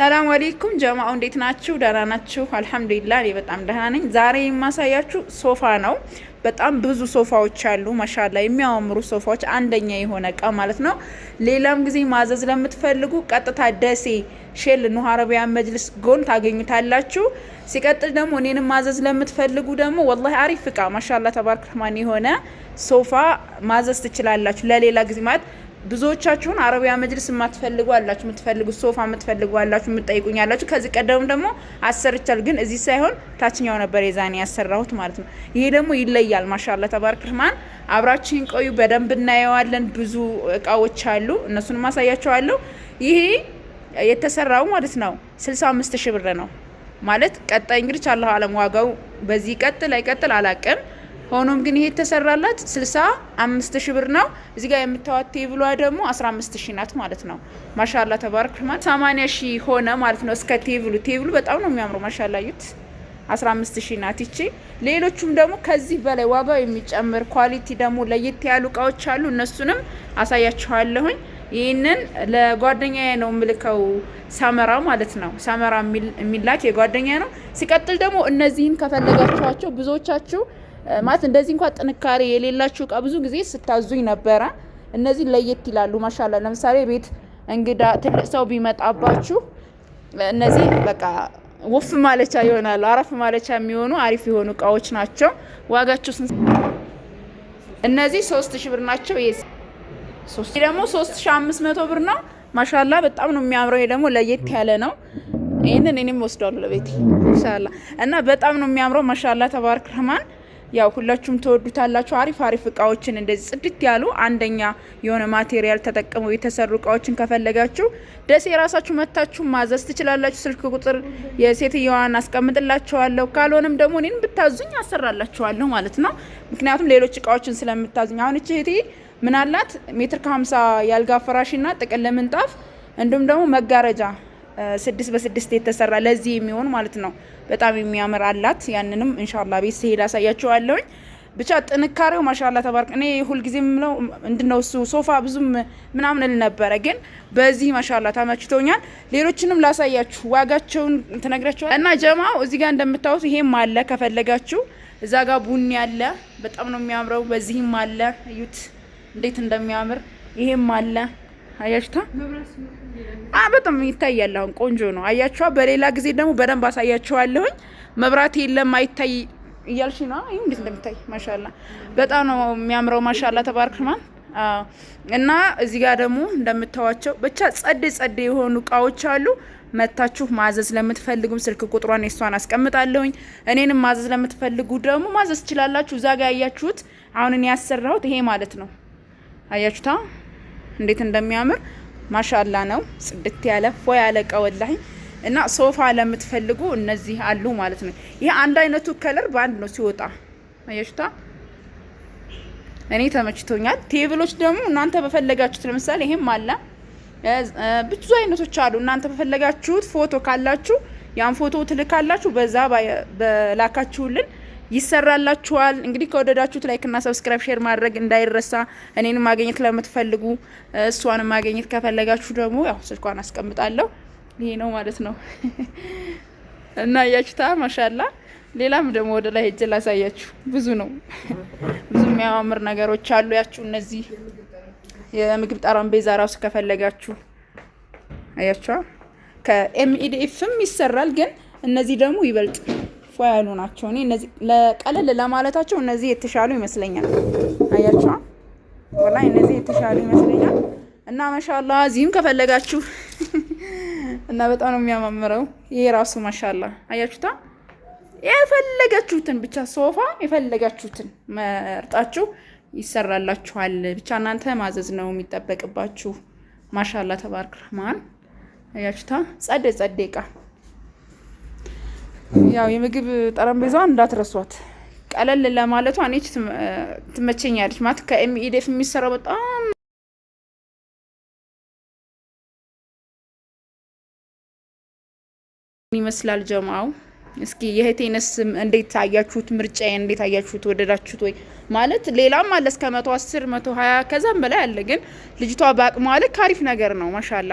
ሰላም አለይኩም ጀማኡ እንዴት ናችሁ? ደህና ናችሁ? አልሐምዱሊላ እኔ በጣም ደህና ነኝ። ዛሬ የማሳያችሁ ሶፋ ነው። በጣም ብዙ ሶፋዎች አሉ። ማሻላ የሚያማምሩ ሶፋዎች፣ አንደኛ የሆነ እቃ ማለት ነው። ሌላም ጊዜ ማዘዝ ለምትፈልጉ ቀጥታ ደሴ ሼል ኑህ አረቢያን መጅልስ ጎን ታገኙታላችሁ። ሲቀጥል ደግሞ እኔንም ማዘዝ ለምትፈልጉ ደግሞ ወላሂ አሪፍ እቃ ማሻላ ተባርክ ረህማን የሆነ ሶፋ ማዘዝ ትችላላችሁ። ለሌላ ጊዜ ማለት ብዙዎቻችሁን አረቢያ መጅልስ የማትፈልጉ አላችሁ፣ የምትፈልጉ ሶፋ የምትፈልጉ አላችሁ፣ የምትጠይቁኝ አላችሁ። ከዚህ ቀደም ደግሞ አሰርቻል፣ ግን እዚህ ሳይሆን ታችኛው ነበር የዛኔ ያሰራሁት ማለት ነው። ይሄ ደግሞ ይለያል። ማሻላ ተባርክ ርህማን። አብራችን ቆዩ፣ በደንብ እናየዋለን። ብዙ እቃዎች አሉ፣ እነሱን ማሳያቸዋለሁ። ይሄ የተሰራው ማለት ነው 65 ሺህ ብር ነው ማለት ቀጣይ እንግዲህ ቻለሁ አለም ዋጋው በዚህ ቀጥል አይቀጥል አላቅም። ሆኖም ግን ይሄ ተሰራላት 65 ሺህ ብር ነው። እዚህ ጋር የምታዋት ቴብሏ ደግሞ 15 ሺህ ናት ማለት ነው። ማሻላ ተባርክ ማለት 80 ሆነ ማለት ነው። እስከ ቴብሉ ቴብሉ በጣም ነው የሚያምረው። ማሻላ ዩት 15 ሺህ ናት ይቺ። ሌሎቹም ደግሞ ከዚህ በላይ ዋጋው የሚጨምር ኳሊቲ ደግሞ ለየት ያሉ እቃዎች አሉ። እነሱንም አሳያችኋለሁኝ። ይህንን ለጓደኛ ነው ምልከው፣ ሰመራ ማለት ነው። ሰመራ የሚላክ የጓደኛ ነው። ሲቀጥል ደግሞ እነዚህን ከፈለጋችኋቸው ብዙዎቻችሁ ማለት እንደዚህ እንኳን ጥንካሬ የሌላችሁ እቃ ብዙ ጊዜ ስታዙኝ ነበረ። እነዚህ ለየት ይላሉ። ማሻላ ለምሳሌ ቤት እንግዳ ትልቅ ሰው ቢመጣባችሁ እነዚህ በቃ ውፍ ማለቻ ይሆናሉ። አረፍ ማለቻ የሚሆኑ አሪፍ የሆኑ እቃዎች ናቸው። ዋጋቸው ስንት? እነዚህ ሶስት ሺ ብር ናቸው። ይህ ደግሞ ሶስት ሺ አምስት መቶ ብር ነው። ማሻላ በጣም ነው የሚያምረው። ደግሞ ለየት ያለ ነው። ይህንን እኔም ወስዷሉ ለቤት ኢንሻላ እና በጣም ነው የሚያምረው። ማሻላ ተባርክ ረህማን ያው ሁላችሁም ተወዱታላችሁ። አሪፍ አሪፍ እቃዎችን እንደዚህ ጽድት ያሉ አንደኛ የሆነ ማቴሪያል ተጠቅመው የተሰሩ እቃዎችን ከፈለጋችሁ ደሴ የራሳችሁ መታችሁ ማዘዝ ትችላላችሁ። ስልክ ቁጥር የሴትየዋን አስቀምጥላችኋለሁ። ካልሆነም ደግሞ እኔን ብታዙኝ አሰራላችኋለሁ ማለት ነው። ምክንያቱም ሌሎች እቃዎችን ስለምታዙኝ አሁን እች እህቴ ምናላት ሜትር ከ50 ያልጋ ፍራሽና ጥቅል ለምንጣፍ እንዲሁም ደግሞ መጋረጃ ስድስት በስድስት የተሰራ ለዚህ የሚሆን ማለት ነው። በጣም የሚያምር አላት። ያንንም እንሻላ ቤት ስሄድ አሳያችኋለሁኝ። ብቻ ጥንካሬው ማሻላ ተባርክ። እኔ ሁልጊዜ የምለው እንድነው እሱ ሶፋ ብዙም ምናምን ል ነበረ፣ ግን በዚህ ማሻላ ተመችቶኛል። ሌሎችንም ላሳያችሁ፣ ዋጋቸውን ትነግራቸዋል እና ጀማው እዚህ ጋር እንደምታዩት ይሄም አለ ከፈለጋችሁ። እዛ ጋር ቡኒ አለ፣ በጣም ነው የሚያምረው። በዚህም አለ፣ እዩት እንዴት እንደሚያምር። ይሄም አለ አያችሁታ በጣም ይታያል። አሁን ቆንጆ ነው። አያችኋ። በሌላ ጊዜ ደግሞ በደንብ አሳያችኋለሁኝ። መብራት የለም አይታይ እያልሽ ነው። ይህ እንዴት እንደምታይ ማሻላ፣ በጣም ነው የሚያምረው። ማሻላ ተባርክ እና እዚህ ጋር ደግሞ እንደምታዋቸው ብቻ ጸድ ጸድ የሆኑ እቃዎች አሉ። መታችሁ ማዘዝ ለምትፈልጉም ስልክ ቁጥሯን የሷን አስቀምጣለሁኝ። እኔንም ማዘዝ ለምትፈልጉ ደግሞ ማዘዝ ትችላላችሁ። እዛ ጋር ያያችሁት አሁን እኔ ያሰራሁት ይሄ ማለት ነው። አያችሁታ እንዴት እንደሚያምር ማሻላ ነው። ጽድት ያለ ፎ ያለ ቀወላይ እና ሶፋ ለምትፈልጉ እነዚህ አሉ ማለት ነው። ይህ አንድ አይነቱ ከለር በአንድ ነው ሲወጣ አያችሁታ። እኔ ተመችቶኛል። ቴብሎች ደግሞ እናንተ በፈለጋችሁት ለምሳሌ ይሄም አለ ብዙ አይነቶች አሉ። እናንተ በፈለጋችሁት ፎቶ ካላችሁ ያን ፎቶ ትልካላችሁ። በዛ በላካችሁልን ይሰራላችኋል። እንግዲህ ከወደዳችሁት ላይክና ሰብስክራይብ ሼር ማድረግ እንዳይረሳ። እኔንም ማግኘት ለምትፈልጉ እሷን ማግኘት ከፈለጋችሁ ደግሞ ያው ስልኳን አስቀምጣለሁ። ይሄ ነው ማለት ነው እና እያችሁታ ማሻላ ሌላም ደግሞ ወደ ላይ ሄጄ ላሳያችሁ። ብዙ ነው ብዙ የሚያማምር ነገሮች አሉ። ያችሁ እነዚህ የምግብ ጠረጴዛ ራሱ ከፈለጋችሁ አያችኋ ከኤምኢዲኤፍም ይሰራል፣ ግን እነዚህ ደግሞ ይበልጥ ፏ ያሉ ናቸው። እኔ እነዚህ ለቀለል ለማለታቸው እነዚህ የተሻሉ ይመስለኛል። አያቸዋ ወላሂ እነዚህ የተሻሉ ይመስለኛል። እና ማሻላ እዚህም ከፈለጋችሁ እና በጣም ነው የሚያማምረው። ይሄ ራሱ ማሻላ አያችሁታ። የፈለጋችሁትን ብቻ ሶፋ የፈለጋችሁትን መርጣችሁ ይሰራላችኋል። ብቻ እናንተ ማዘዝ ነው የሚጠበቅባችሁ። ማሻላ ተባርክ ረህማን አያችሁታ። ጸደ ጸደ ያው የምግብ ጠረጴዛዋን እንዳትረሷት። ቀለል ለማለቷ እኔ ትመቸኛለች ማለት ከኤምኢዴፍ የሚሰራው በጣም ይመስላል። ጀማው እስኪ የህቴነስ እንዴት አያችሁት? ምርጫ እንዴት አያችሁት? ወደዳችሁት ወይ? ማለት ሌላም አለ እስከ መቶ አስር መቶ ሀያ ከዛም በላይ አለ። ግን ልጅቷ በአቅሟ ልክ አሪፍ ነገር ነው። ማሻላ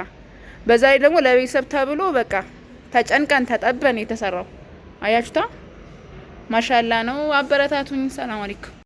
በዛ ላይ ደግሞ ለቤተሰብ ተብሎ በቃ ተጨንቀን ተጠበን የተሰራው አያችሁታ። ማሻላ ነው። አበረታቱኝ። ሰላም አለይኩም